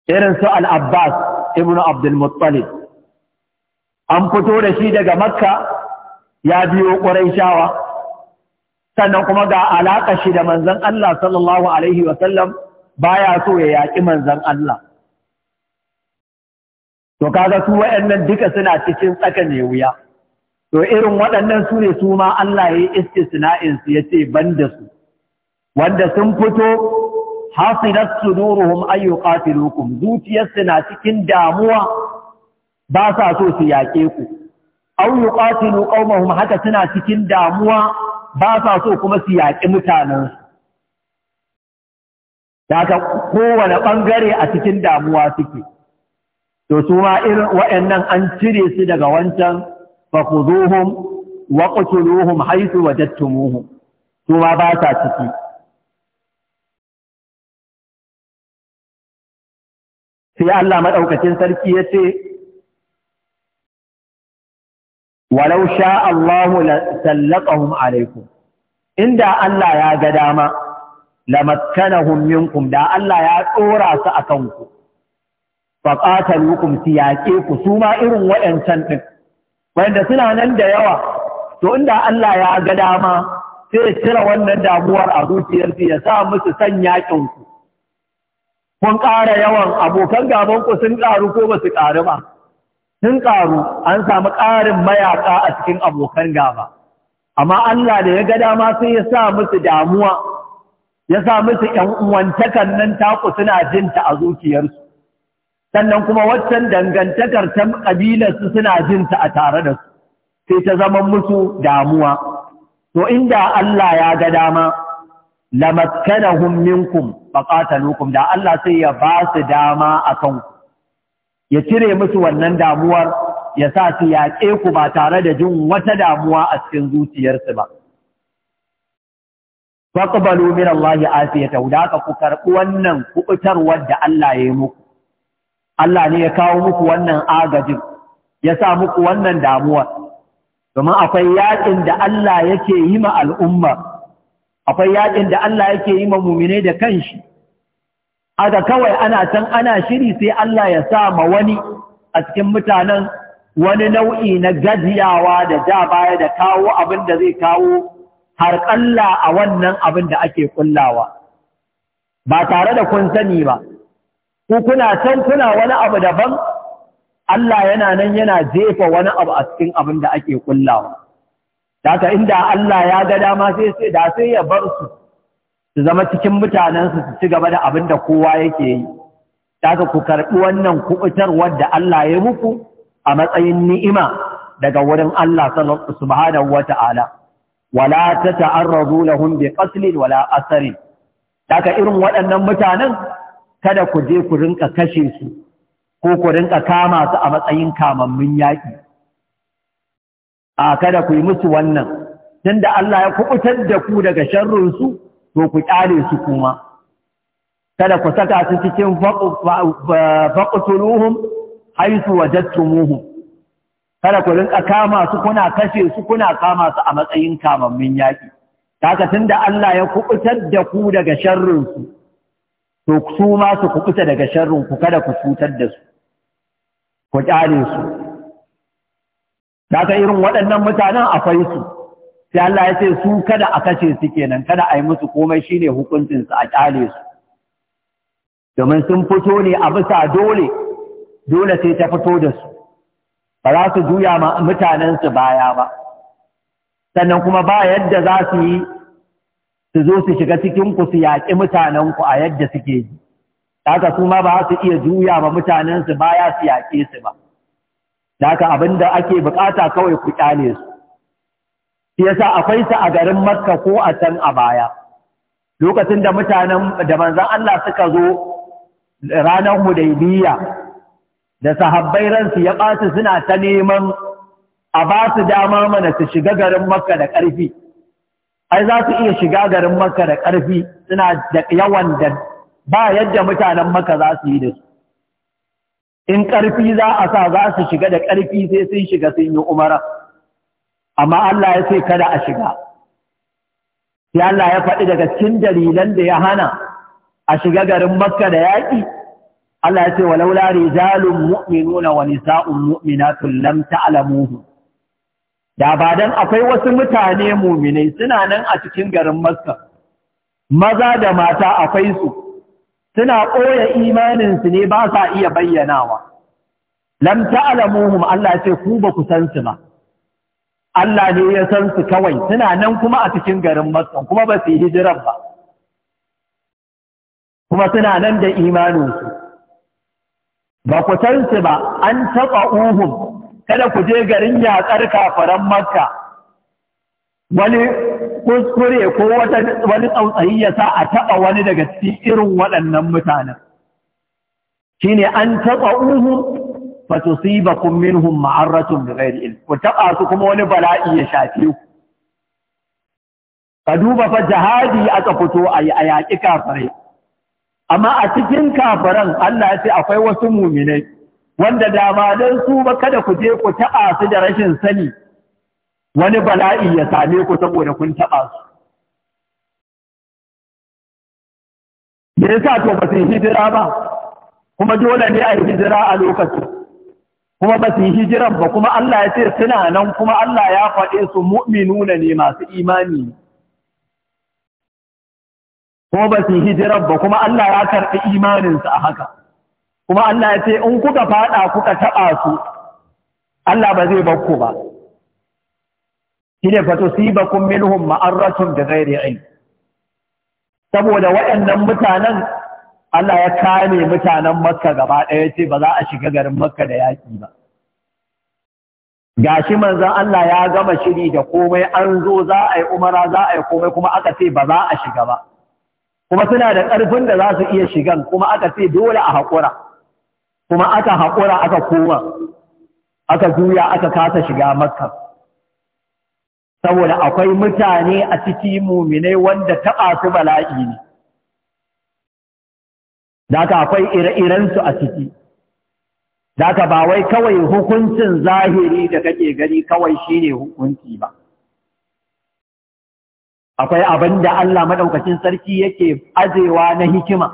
irin su al'abbas, abbas ibn abdulmuttalib an fito da shi daga makka ya biyo shawa. sannan kuma ga alaƙa shi da manzan Allah sallallahu alaihi wasallam ya so ya yaƙi manzan Allah to kaga su wa’yannan duka suna cikin tsaka ne wuya to irin waɗannan su ne su ma Allah ya yi istisna'in ya ce ban da su wanda sun fito hasidat suduruhum ay yuqatilukum zuciyarsu na cikin damuwa ba sa so su yaƙe ku aw yuqatilu qaumahum haka suna cikin damuwa ba sa so kuma su yaƙi mutanen daga kowane ɓangare a cikin damuwa suke to su ma irin waɗannan an cire su daga wancan fakuzuhum wa qatiluhum haythu wajadtumuhum to ma ba sa ciki sai Allah maɗaukacin sarki ya ce, Walau sha Allahu sallaqahum alaikum, inda Allah ya ga dama, lamakkanahum minkum da Allah ya tsora su a kanku, hukum su yaƙe ku su ma irin waɗancan ɗin, wanda suna nan da yawa, to inda Allah ya ga dama, sai cire wannan damuwar a zuciyarsu ya sa musu son yaƙinku. kun ƙara yawan abokan gabanku sun ƙaru ko ba su ƙaru ba sun ƙaru an samu ƙarin mayaƙa a cikin abokan gaba amma Allah da ya ga dama sai ya sa musu damuwa ya sa musu ƴan uwantakan nan taku suna jin ta a zuciyarsu sannan kuma waccan dangantakar ta ƙabilarsu suna jin ta a tare da su sai ta zama musu damuwa to inda Allah ya ga dama lamakkanahum minkum faqatalukum da Allah sai ya ba su dama akan ku ya cire musu wannan damuwar ya sa su yaƙe ku ba tare da jin wata damuwa a cikin zuciyarsu ba faqbalu min Allah afiyatahu da ka ku karɓi wannan kuɓutarwar da Allah ya yi muku Allah ne ya kawo muku wannan agajin ya sa muku wannan damuwar domin akwai yaƙin da Allah yake yi ma al'ummar akwai yakin da Allah yake yi ma mumine da kanshi aka kawai ana san ana shiri sai Allah ya sa ma wani a cikin mutanen wani nau'i na gajiyawa da ja baya da kawo abin da zai kawo har kalla a wannan abin da ake kullawa ba tare da kun sani ba ku kuna san kuna wani abu daban Allah yana nan yana jefa wani abu a cikin abin da ake kullawa Daka inda Allah ya ga dama sai sai da sai ya bar su su zama cikin mutanensu su ci gaba da abin da kowa yake yi. Daka ku karɓi wannan kuɓutar wadda Allah ya muku a matsayin ni'ima daga wurin Allah subhanahu wa ta'ala. Wala ta ta'arrazu lahum bi qaslin wala asarin. Daka irin waɗannan mutanen kada ku je ku rinka kashe su ko ku rinka kama su a matsayin kamammin yaƙi. a kada ku yi musu wannan tunda Allah ya kubutar da ku daga sharrinsu to ku ƙyale su kuma kada ku saka su cikin faƙutuluhun haisu wajattumuhun kada ku rinka kama su kuna kashe su kuna kama su a matsayin kamammin yaƙi kaga tunda Allah ya kubutar da ku daga sharrin su to su ma su kubuta daga sharrin kada ku cutar da su ku kyale su kaga irin waɗannan mutanen akwai su sai Allah ya ce su kada a kashe su kenan kada a yi musu komai shine hukuncin su a ƙyale su domin sun fito ne a bisa dole dole sai ta fito da su ba za su juya ma mutanen baya ba sannan kuma ba yadda za su yi su zo su shiga cikin ku su yaƙi mutanen ku a yadda suke ji haka su ma ba su iya juya ma mutanen baya su yaƙe su ba da abin da ake bukata kawai ku kyale su shi yasa akwai su a garin makka ko a can a baya lokacin da mutanen da manzon Allah suka zo ranar hudaybiya da sahabbai ransu ya basu suna ta neman a basu dama mana su shiga garin makka da ƙarfi ai za su iya shiga garin makka da ƙarfi suna da yawan da ba yadda mutanen makka za su yi da su in ƙarfi za a sa za su shiga da ƙarfi sai sun shiga sun yi umara amma Allah ya ce kada a shiga sai Allah ya faɗi daga cikin dalilan da ya hana a shiga garin Makka da yaƙi Allah ya ce wa walaula rijalun mu'minuna wa nisa'un mu'minatun lam ta'lamuhu da ba dan akwai wasu mutane mu'minai suna nan a cikin garin Makka maza da mata akwai su suna ɓoye imaninsu ne ba sa iya bayyanawa. Lam alamuhu, Allah ce ku ba ku san su ba. Allah ne ya san su kawai suna nan kuma a cikin garin Makka kuma ba su yi hijiran ba. Kuma suna nan da imaninsu. Ba ku san su ba an taɓa uhum kada ku je garin yaƙar kafaran Makka wani kuskure ko wani tsautsayi ya sa a taɓa wani daga cikin irin waɗannan mutanen shi ne an taɓa uhu fatusibakum minhum ma'arratun zai ilm ku taɓa su kuma wani bala'i ya shafe ku ka duba fa jihadi aka fito a yi a yaƙi kafirai amma a cikin kafiran Allah ya ce akwai wasu muminai wanda dama dan su ba kada ku je ku taɓa su da rashin sani wani bala'i ya same ku saboda kun taɓa su me yasa to ba su yi hijira ba kuma dole ne a yi hijira a lokacin kuma ba su yi hijiran ba kuma Allah ya ce suna nan kuma Allah ya faɗe su mu'minuna ne masu imani kuma ba su yi hijiran ba kuma Allah ya karɓi imaninsu a haka kuma Allah ya ce in kuka faɗa kuka taɓa su Allah ba zai bakku ba shine fa tusibakum minhum ma'aratun bi ghairi ilm saboda waɗannan mutanen Allah ya kame mutanen Makka gaba ɗaya ce ba za a shiga garin Makka da yaƙi ba gashi manzon Allah ya gama shiri da komai an zo za a yi umara za a yi komai kuma aka ce ba za a shiga ba kuma suna da ƙarfin da za su iya shigan kuma aka ce dole a haƙura kuma aka haƙura aka koma aka juya aka kasa shiga Makka saboda akwai mutane a ciki muminai wanda taɓa su bala'i ne Daka akwai ire-irensu a ciki Daka ba wai kawai hukuncin zahiri da kake gani kawai shi ne hukunci ba akwai abin da Allah maɗaukacin sarki yake ajewa na hikima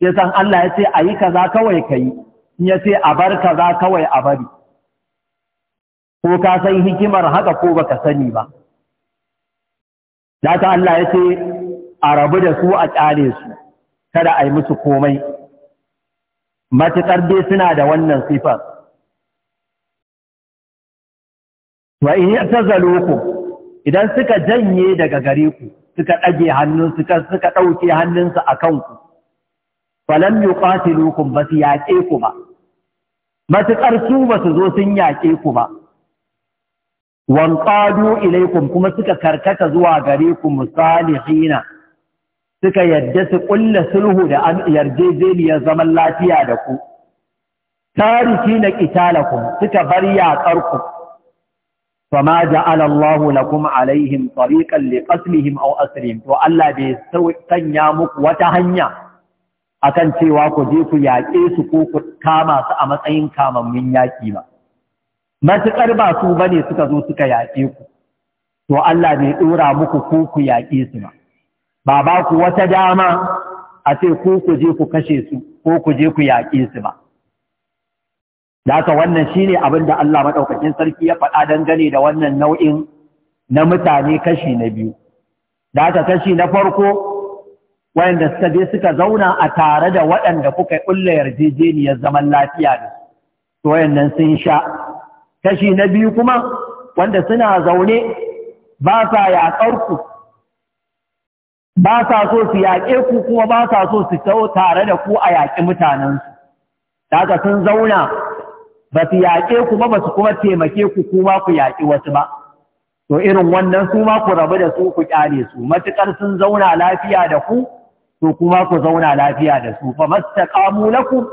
sai san Allah ya ce a yi kaza kawai ka yi in ya ce a bar kaza kawai a bari ko ka san hikimar haka ko baka sani ba ta Allah ya ce a rabu da su a ƙyale su kada a yi musu komai matuƙar dai suna da wannan sifar wa in ku idan suka janye daga gare ku suka ɗage hannun suka suka ɗauke hannunsu a kanku falam yuqatilukum ba su yaƙe ku ba matuƙar su ba su zo sun yaƙe ku ba wanƙadu ilaikum kuma suka karkata zuwa gare ku musalihina suka yadda su kulla sulhu da yarjejeniyar zaman lafiya da ku na qitalakum suka bar yaƙar ku fama ja'ala Allah lakum alaihim tariqan liqatlihim aw asrihim to Allah bai sanya muku wata hanya akan cewa ku je ku yaƙe su ko ku kama su a matsayin kamammin yaƙi ba matuƙar ba su ba ne suka zo suka yaƙe ku to Allah bai ɗora muku ku ku yaƙe su ba ba ba ku wata dama a ce ku ku je ku kashe su ko ku je ku yaƙe su ba da wannan wannan shine abin da Allah maɗaukakin sarki ya faɗa dangane da wannan nau'in na mutane kashi na biyu da kashi na farko wayanda suka je suka zauna a tare da waɗanda kuka ƙulla yarjejeniyar zaman lafiya da su to wayannan sun sha kashi na biyu kuma wanda suna zaune ba sa yaƙar ku ba sa so su yaƙe ku kuma ba sa so su tau tare da ku a yaƙi mutanensu daga sun zauna ba su yaƙe ku ba ba su kuma taimake ku kuma ku yaƙi wasu ba to irin wannan su ma ku rabu da su ku ƙyale su matuƙar sun zauna lafiya da ku to kuma ku zauna lafiya da su fa mastaqamu lakum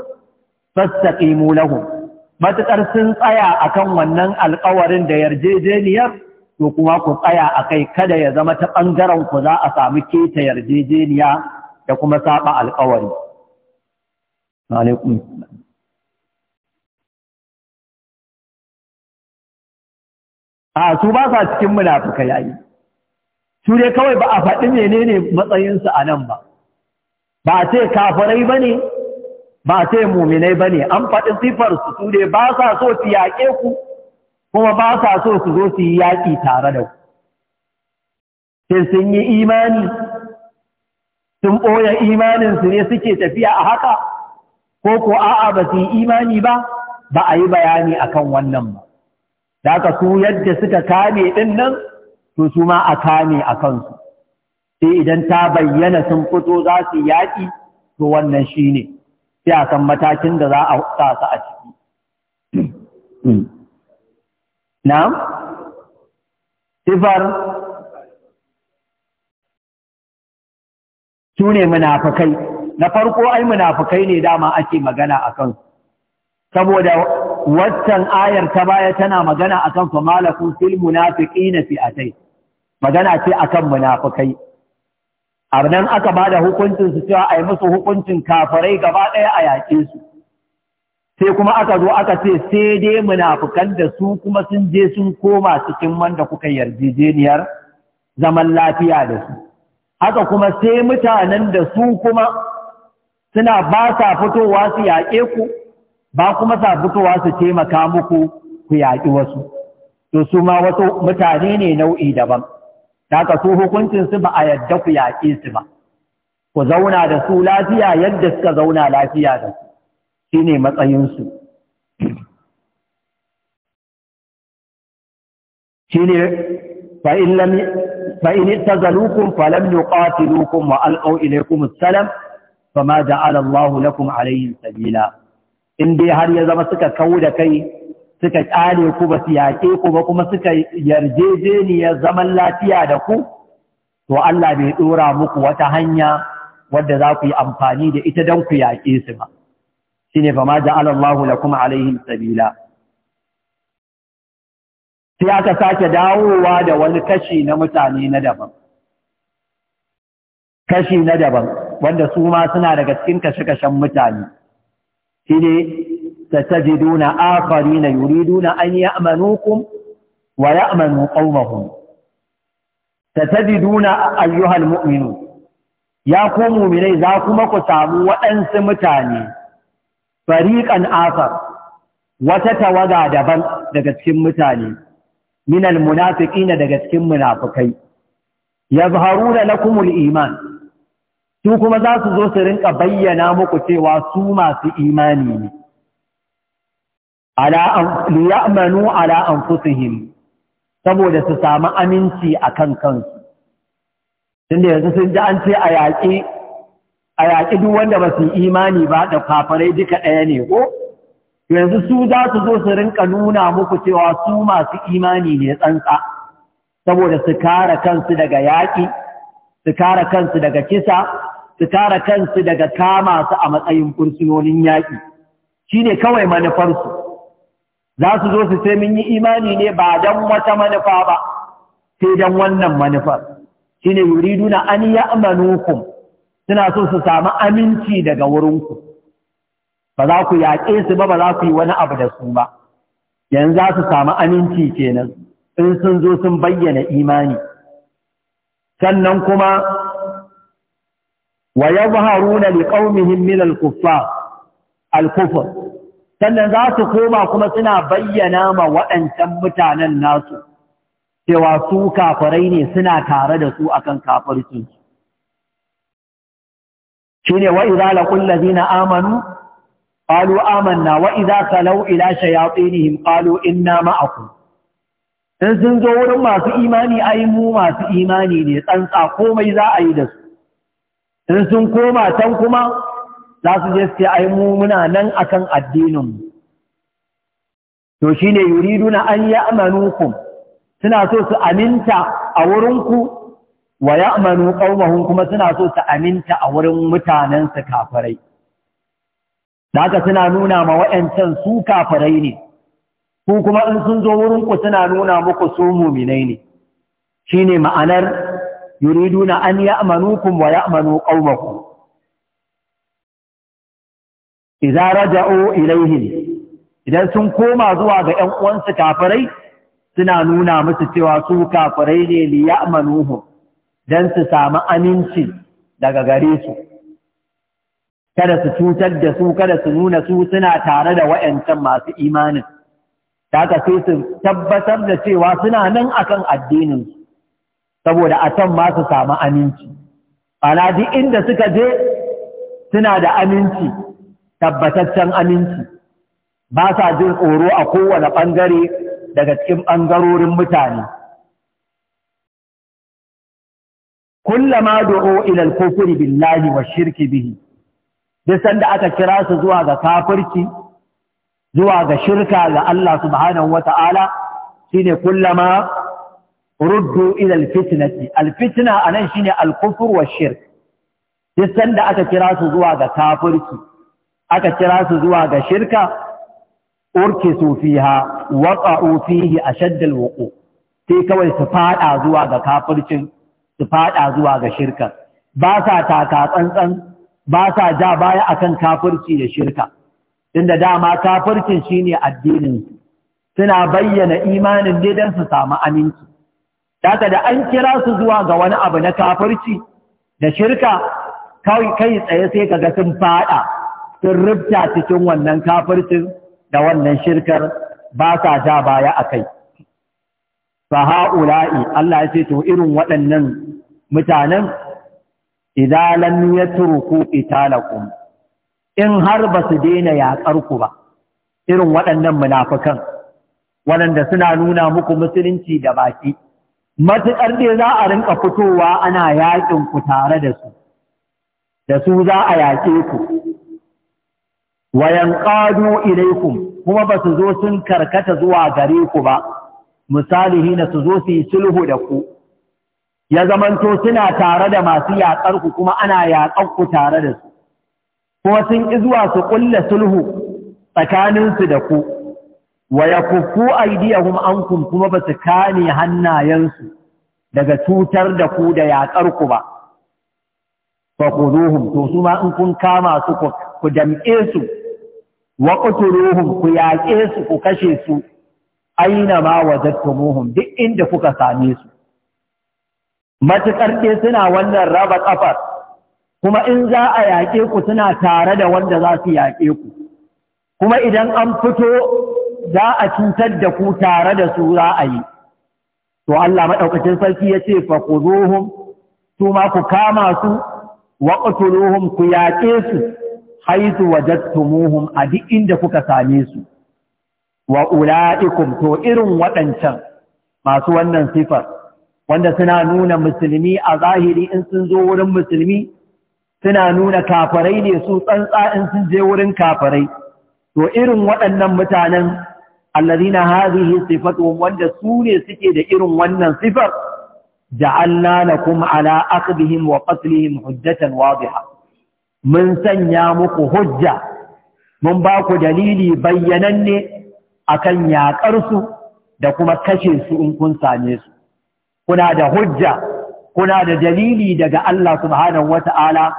fastaqimu lahum matuƙar sun tsaya a kan wannan alƙawarin da yarjejeniyar to kuma ku tsaya a kai kada ya zama ta ɓangaren ku za a sami keta yarjejeniya da kuma saba alƙawari. A su ba sa cikin munafukai yayi. Su dai kawai ba a faɗi menene matsayinsu a nan ba. Ba a ce kafirai ba ne ba ce muminai ba ne an faɗi sifarsu su ne ba sa so su yaƙe ku kuma ba sa so su zo su yi yaƙi tare da ku sai sun yi imani sun ɓoye imaninsu ne suke tafiya a haka ko ko a'a ba su yi imani ba ba a yi bayani akan wannan ba da aka su yadda suka kame ɗin nan to su ma a kame a kansu sai idan ta bayyana sun fito za su yaƙi to wannan shi ne ya san matakin da za a sa su a ciki na sifar su ne munafukai na farko ai munafukai ne dama ake magana a kansu saboda waccan ayar ta baya tana magana akan fa malakum fil munafiqina fi'atay magana ce akan munafukai a nan aka ba da hukuncin su cewa a yi musu hukuncin kafarai gaba ɗaya a yaƙe su sai kuma aka zo aka ce sai dai munafukan da su kuma sun je sun koma cikin wanda kuka yarjejeniyar zaman lafiya da su haka kuma sai mutanen da su kuma suna ba sa fitowa su yaƙe ku ba kuma sa fitowa su taimaka muku ku yaƙi wasu to su ma wasu mutane ne nau'i daban haka su hukuncin su ba a yadda ku yaƙe su ba ku zauna da su lafiya yadda suka zauna lafiya da su ne matsayinsu Shi ne in lam fa in tazalukum wa alqaw ilaykum assalam fama ja'ala Allahu lakum alayhim sabila in dai har ya zama suka kawo da kai suka ƙare ku ba su yaƙe ku ba kuma suka yarjejeniyar zaman lafiya da ku, to Allah bai ɗora muku wata hanya wadda za ku yi amfani da ita don ku yaƙe su ba. Shi ne fa ma ja'ala Allah lakum alaihim sabila. Sai aka sake dawowa da wani kashi na mutane na daban. Kashi na daban, wanda su ma suna daga cikin kashe-kashen mutane. Shi ne ستجدون آخرين يريدون أن يأمنوكم ويأمنوا قومهم ستجدون أيها المؤمنون ya ku muminai za kuma ku samu waɗansu mutane fariƙan afa wata tawaga daban daga cikin mutane minal munafiqina daga cikin munafikai yazharuna lakumul iman su kuma za su zo su rinka bayyana muku cewa su masu imani ne liya'manu ala anfusihim saboda su samu aminci akan kansu tunda yanzu sun ji an ce a yaƙi a yaƙi duk wanda ba su imani ba da kafarai duka ɗaya ne ko yanzu su za su zo su rinka nuna muku cewa su masu imani ne tsantsa saboda su kare kansu daga yaƙi su kare kansu daga kisa su kare kansu daga kama su a matsayin fursunonin yaƙi shine kawai manufarsu za su zo su sai mun yi imani ne ba don wata manufa ba sai don wannan manufar shine na an ya'manukum suna so su samu aminci daga wurinku ba za ku yaƙe su ba ba za ku yi wani abu da su ba yanzu za su samu aminci kenan in sun zo sun bayyana imani sannan kuma wa yadhharuna liqaumihim min al-kuffar al-kufr sannan za su koma kuma suna bayyana ma waɗancan mutanen nasu cewa su kafarai ne suna tare da su akan ne shine wa idza laqul ladina amanu qalu amanna wa idza kalau ila shayatinihim qalu inna ma'akum in sun zo wurin masu imani ai mu masu imani ne tsantsa komai za a yi da su in sun koma can kuma za su je su ai mu muna nan akan addinin mu to shine yuriduna an ya'manukum suna so su aminta a wurin ku wa ya'manu qaumahum kuma suna so su aminta a wurin mutanen su kafirai haka suna nuna ma wa'ancan su kafirai ne ku kuma in sun zo wurin ku suna nuna muku su muminai ne shine ma'anar yuriduna an ya'manukum wa ya'manu qaumakum idza raja'u ilaihim idan sun koma zuwa ga 'yan uwansu kafirai suna nuna musu cewa su kafirai ne li ya'manuhu dan su samu aminci daga gare su kada su cutar da su kada su nuna su suna tare da wayancan masu imanin haka sai su tabbatar da cewa suna nan akan addinin saboda a can ma su samu aminci ana duk inda suka je suna da aminci tabbataccen aminci ba sa jin tsoro a kowane ɓangare daga cikin ɓangarorin mutane kullama Do'o ilal al billahi wa shirki bihi duk sanda aka kira su zuwa ga kafirci zuwa ga shirka ga Allah subhanahu shi ne kullama ruddu ilal al-fitnati alfitna fitna anan shine al-kufr wa shirk duk sanda aka kira su zuwa ga kafirci aka kira su zuwa ga shirka su fiha waqa'u fihi ashadd alwuqu sai kawai su fada zuwa ga kafircin su fada zuwa ga shirka ba sa taka tsantsan ba sa ja baya akan kafirci da shirka tunda dama kafircin shine addinin su suna bayyana imanin ne dan su samu aminci daga da an kira su zuwa ga wani abu na kafirci da shirka kai tsaye sai kaga sun fada sun rufta cikin wannan kafircin da wannan shirkar ba sa ja baya a kai. Faha'ula'i, Allah ya ce, to irin waɗannan mutanen, idalan ya turku italakun, in har ba su daina yaƙarku ba, irin waɗannan munafukan, waɗanda suna nuna muku musulunci da baki, matuƙar dai za a rinka fitowa ana yaƙin ku tare da su, da su za a yaƙe ku. Wayan yanqadu ilaykum kuma ba su zo sun karkata zuwa gare ku ba misali su zo su yi sulhu da ku ya zamanto suna tare da masu yaƙar ku kuma ana yaƙar ku tare da su kuma sun ƙi zuwa su ƙulla sulhu tsakaninsu da ku wa yakuffu aydiyahum ankum kuma ba su kane hannayensu daga cutar da ku da yaƙar ku ba fa to su ma in kun kama su ku damƙe su wa qutuluhum ku yaƙe su ku kashe su aina ma wajadtumuhum duk inda kuka same su matuƙar ke suna wannan raba ƙafar kuma in za a yaƙe ku suna tare da wanda za su yaƙe ku kuma idan an fito za a cutar da ku tare da su za a yi to Allah maɗaukacin sarki ya ce fa ku su ma ku kama su wa ku yaƙe su haitu wajadtumuhum a duk inda kuka same su wa ula'ikum to irin waɗancan masu wannan sifar wanda suna nuna musulmi a zahiri in sun zo wurin musulmi suna nuna kafarai ne su tsantsa in sun je wurin kafarai to irin waɗannan mutanen allazina hadhihi sifatuhum wanda su ne suke da irin wannan sifar ja'alna lakum ala aqdihim wa qatlihim hujjatan wadiha mun sanya muku hujja mun ba ku dalili bayyananne akan yaƙarsu da kuma kashe su in kun same su kuna da hujja kuna da dalili daga Allah subhanahu wata'ala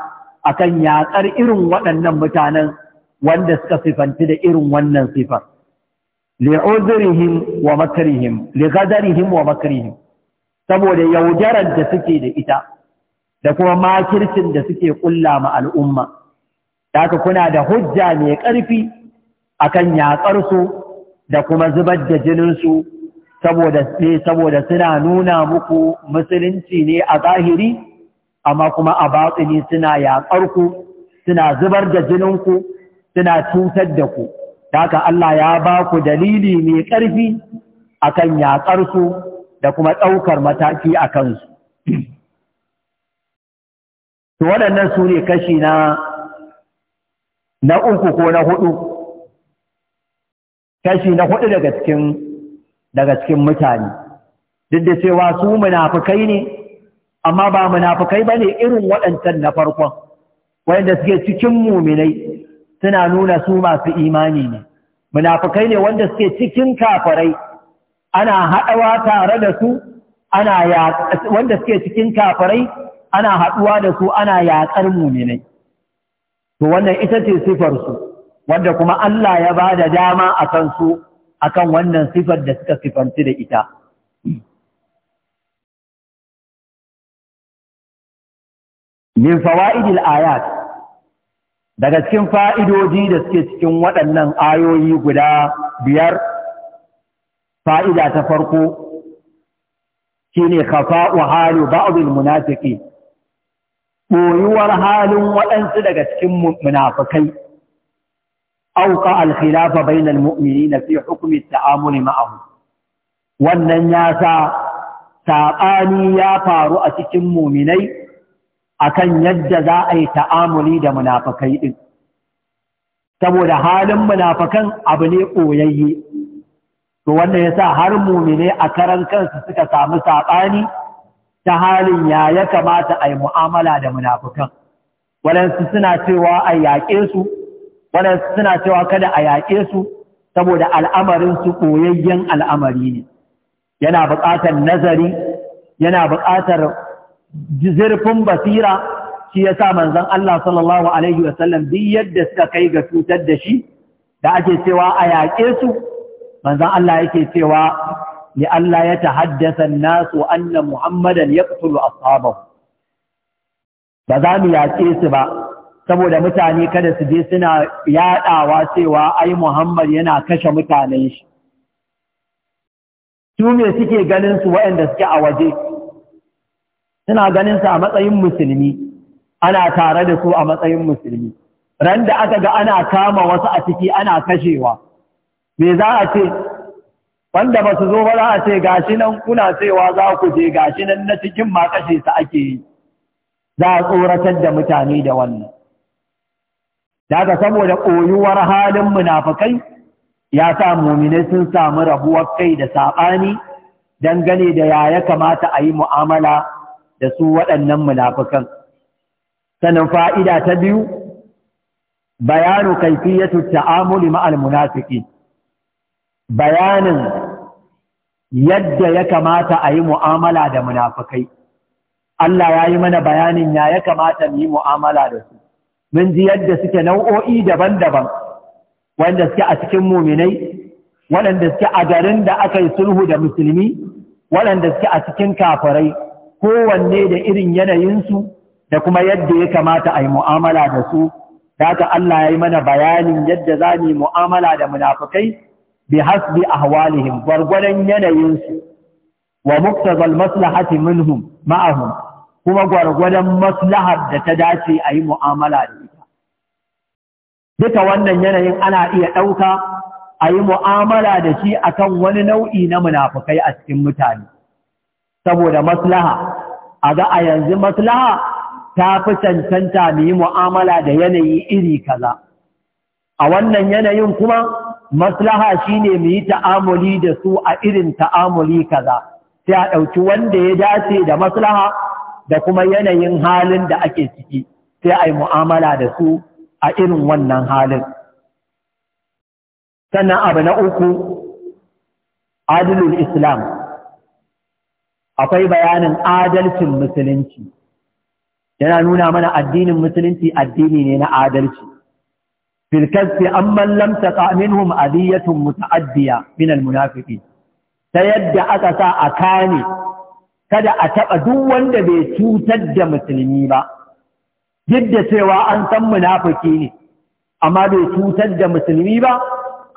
akan yaƙar irin waɗannan mutanen wanda suka sifanti da irin wannan sifar li'udhrihim wa makrihim li ghadarihim wa makrihim saboda yaudarar da suke da ita da kuma makircin da suke kulla ma al'umma ka kuna da hujja mai ƙarfi akan kan su da kuma zubar da jinin su saboda saboda suna nuna muku musulunci ne a zahiri amma kuma a batsini suna yaƙarku, suna zubar da jininku, suna cutar da ku ka Allah ya ba ku dalili mai ƙarfi akan kan su da kuma ɗaukar mataki a kansu to waɗannan su ne kashi na na uku ko na hudu kashi na hudu daga cikin daga cikin mutane duk da cewa su munafukai ne amma ba munafukai bane irin waɗancan na farkon wanda suke cikin muminai suna nuna su masu imani ne munafukai ne wanda suke cikin kafirai ana haɗawa tare da su ana wanda suke cikin kafirai ana haɗuwa da su ana yaƙar muminai to wannan ita ce sifarsu wanda kuma Allah ya ba da dama a kansu a kan wannan sifar da suka sifanci da ita min fawa'idil ayat daga cikin fa'idoji da suke cikin waɗannan ayoyi guda biyar fa'ida ta farko shine kafa'u halu ba’ubin munafiki. ɓoyuwar halin waɗansu daga cikin munafukai auka alkhilafa bainal na fi hukmi ta'amuri ma'amu. wannan ya sa saɓani ya faru a cikin muminai kan yadda za a yi ta'amuli da munafukai ɗin saboda halin munafukan abu ne ɓoyayye to wannan ya sa har muminai a karan kansu suka samu saɓani ta halin ya ya kamata a yi mu'amala da munafukan waɗansu suna cewa a yaƙe su waɗansu suna cewa kada a yaƙe su saboda al'amarinsu su al'amari ne yana buƙatar nazari yana buƙatar zurfin basira shi ya sa manzon Allah sallallahu alaihi wasallam duk yadda suka kai ga cutar da shi da ake cewa a yaƙe su manzon Allah yake cewa Allah ya ta haddasa لئلا يتحدث الناس أن Ba za mu yaƙe su ba. saboda mutane kada su je suna yaɗawa cewa ai Muhammad yana kashe mutanen shi su me suke ganin su waɗanda suke a waje suna ganin su a matsayin musulmi ana tare da su a matsayin musulmi ran da aka ga ana kama wasu a ciki ana kashewa me za a ce wanda ba su zo ba za a ce gashi nan kuna cewa za ku je gashi nan na cikin ma kashe su ake yi za a tsoratar da mutane da wannan daga saboda koyuwar halin munafukai ya sa mumine sun samu rabuwar kai da saɓani dangane da ya ya kamata a yi mu'amala da su waɗannan munafukan sannan fa'ida ta biyu bayanu kaifiyatu ta'amuli ma'al munafiki bayanin yadda ya kamata a yi mu'amala da munafukai Allah ya yi mana bayanin ya ya kamata mu yi mu'amala da su mun ji yadda suke nau'o'i daban-daban wanda suke a cikin muminai waɗanda suke a garin da aka yi sulhu da musulmi waɗanda suke a cikin kafarai, kowanne da irin yanayinsu da kuma yadda ya kamata a yi mu'amala da su da Allah ya yi mana bayanin yadda za mu yi mu'amala da munafukai bi hasbi ahwalihim gwargwadon yanayinsu wa muktazal maslahati minhum ma'ahum kuma gwargwadon maslahar da ta dace a yi mu'amala da ita duka wannan yanayin ana iya ɗauka a yi mu'amala da shi akan wani nau'i na munafukai a cikin mutane saboda maslaha a ga a yanzu maslaha ta fi cancanta mu yi mu'amala da yanayi iri kaza a wannan yanayin kuma maslaha shine mu yi ta'amuli da su a irin ta'amuli kaza sai a ɗauki wanda ya dace da maslaha da kuma yanayin halin da ake ciki sai a yi mu'amala da su a irin wannan halin sannan abu na uku adilul islam akwai bayanin adalcin musulunci yana nuna mana addinin musulunci addini ne na adalci fil kasfi amman lam taqa minhum adiyatun muta'addiya min al ta yadda aka sa a kane kada a taɓa duk wanda bai cutar da musulmi ba duk cewa an san munafiki ne amma bai cutar da musulmi ba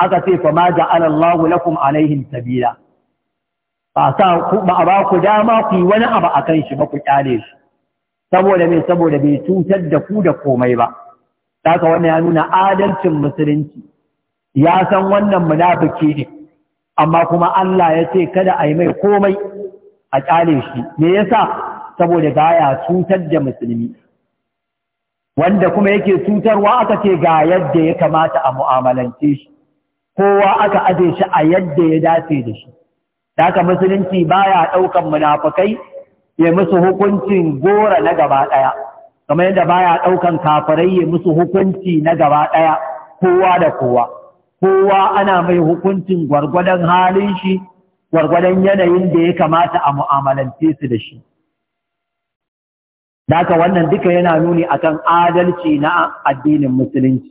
aka ce fa ma ja'ala Allahu lakum alaihim sabila ba sa ku ba ku dama ku yi wani abu akan shi ba ku kyale shi saboda me saboda bai cutar da ku da komai ba haka wannan ya nuna adalcin musulunci ya san wannan munafiki ne amma kuma Allah ya ce kada a yi mai komai a ƙyale shi me yasa saboda ya cutar da musulmi wanda kuma yake cutarwa aka ce ga yadda ya kamata a mu'amalance shi kowa aka aje shi a yadda ya dace da shi haka musulunci baya ɗaukan munafukai ya musu hukuncin gora na gaba ɗaya kamar yadda baya ɗaukan kafirai ya musu hukunci na gaba ɗaya kowa da kowa kowa ana mai hukuncin gwargwadon halin shi gwargwadon yanayin da ya kamata a mu'amalance su da shi Daka wannan duka yana nuni akan adalci na addinin musulunci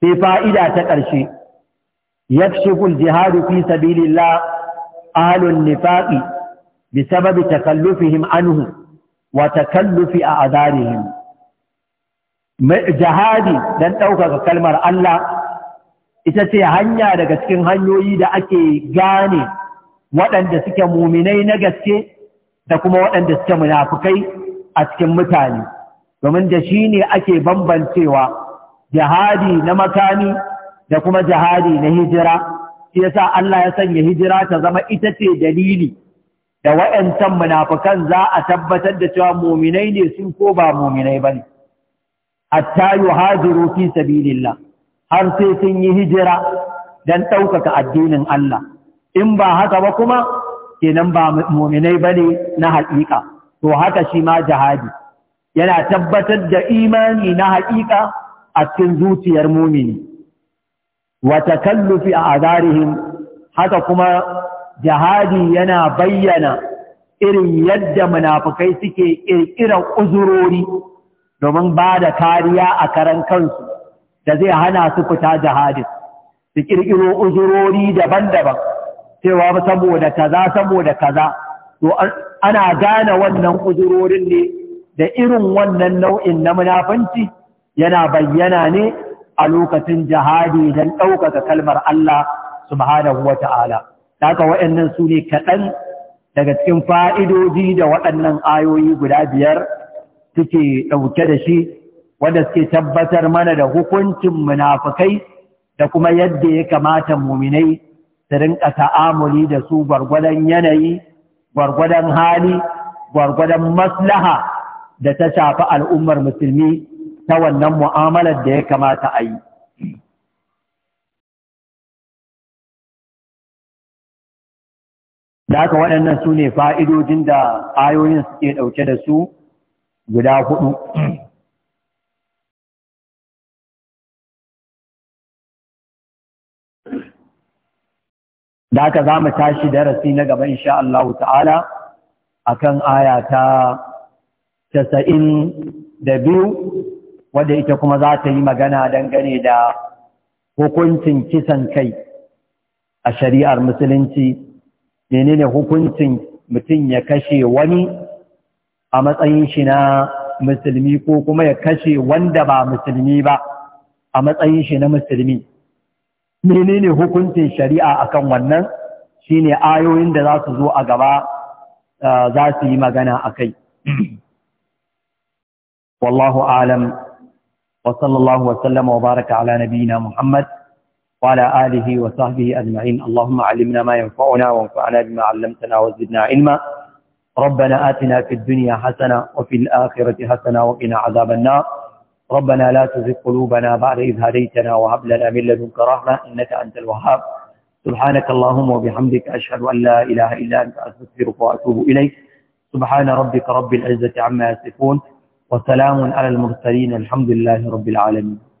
sai fa'ida ta ƙarshe yakshiful jihadu fi sabilillah ahlun nifaqi kalli takallufihim anhu watakallufi kallufi a azarihim jihadi don ɗaukaka kalmar Allah ita ce hanya daga cikin hanyoyi da ake gane waɗanda suke muminai na gaske da kuma waɗanda suke munafukai a cikin mutane domin da shi ne ake bambancewa jihadi na makami da kuma jihadi na hijira shi yasa Allah ya sanya hijira ta zama ita ce dalili da waɗancan munafukan za a tabbatar da cewa muminai ne su ko ba muminai ba ne hatta yuhajiru fi sabilillah har sai sun yi hijira don ɗaukaka addinin Allah in ba haka ba kuma kenan ba muminai ba ne na haƙiƙa to haka shi ma jihadi yana tabbatar da imani na haƙiƙa a cikin zuciyar mumini Wata takallufi a azarihim haka kuma jihadi yana bayyana irin yadda munafukai suke ƙirƙirar uzurori domin ba da kariya a karan kansu da zai hana su fita jihadin su ƙirƙiro uzurori daban-daban cewa saboda kaza saboda kaza to ana gane wannan uzurorin ne da irin wannan nau'in na munafanci yana bayyana ne a lokacin jihadi don ɗaukaka kalmar Allah subhanahu wa ta'ala. haka waɗannan su ne kaɗan daga cikin fa'idoji da waɗannan ayoyi guda biyar suke ɗauke da shi wanda suke tabbatar mana da hukuncin munafukai da kuma yadda ya kamata muminai su rinƙa ta'amuli da su gwargwadon yanayi gwargwadon hali gwargwadon maslaha da ta shafi al'ummar musulmi ta wannan mu'amalar da ya kamata a yi da haka waɗannan su ne fa'idojin da ayoyin suke ɗauke da su guda hudu da haka za mu tashi darasi na gaba insha Allah ta'ala akan aya ta casa'in da biyu wadda ita kuma za ta yi magana dangane da hukuncin kisan kai a shari'ar musulunci menene hukuncin mutum ya kashe wani a matsayin shi na musulmi ko kuma ya kashe wanda ba musulmi ba a matsayin shi na musulmi menene hukuncin shari'a akan wannan shine ayoyin da za su zo a gaba za su yi magana a kai wallahu alam wa sallallahu wa baraka ala nabiyina muhammad وعلى آله وصحبه أجمعين اللهم علمنا ما ينفعنا وانفعنا بما علمتنا وزدنا علما ربنا آتنا في الدنيا حسنة وفي الآخرة حسنة وقنا عذاب النار ربنا لا تزغ قلوبنا بعد إذ هديتنا وهب لنا من لدنك رحمة إنك أنت الوهاب سبحانك اللهم وبحمدك أشهد أن لا إله إلا أنت أستغفرك وأتوب إليك سبحان ربك رب العزة عما يصفون وسلام على المرسلين الحمد لله رب العالمين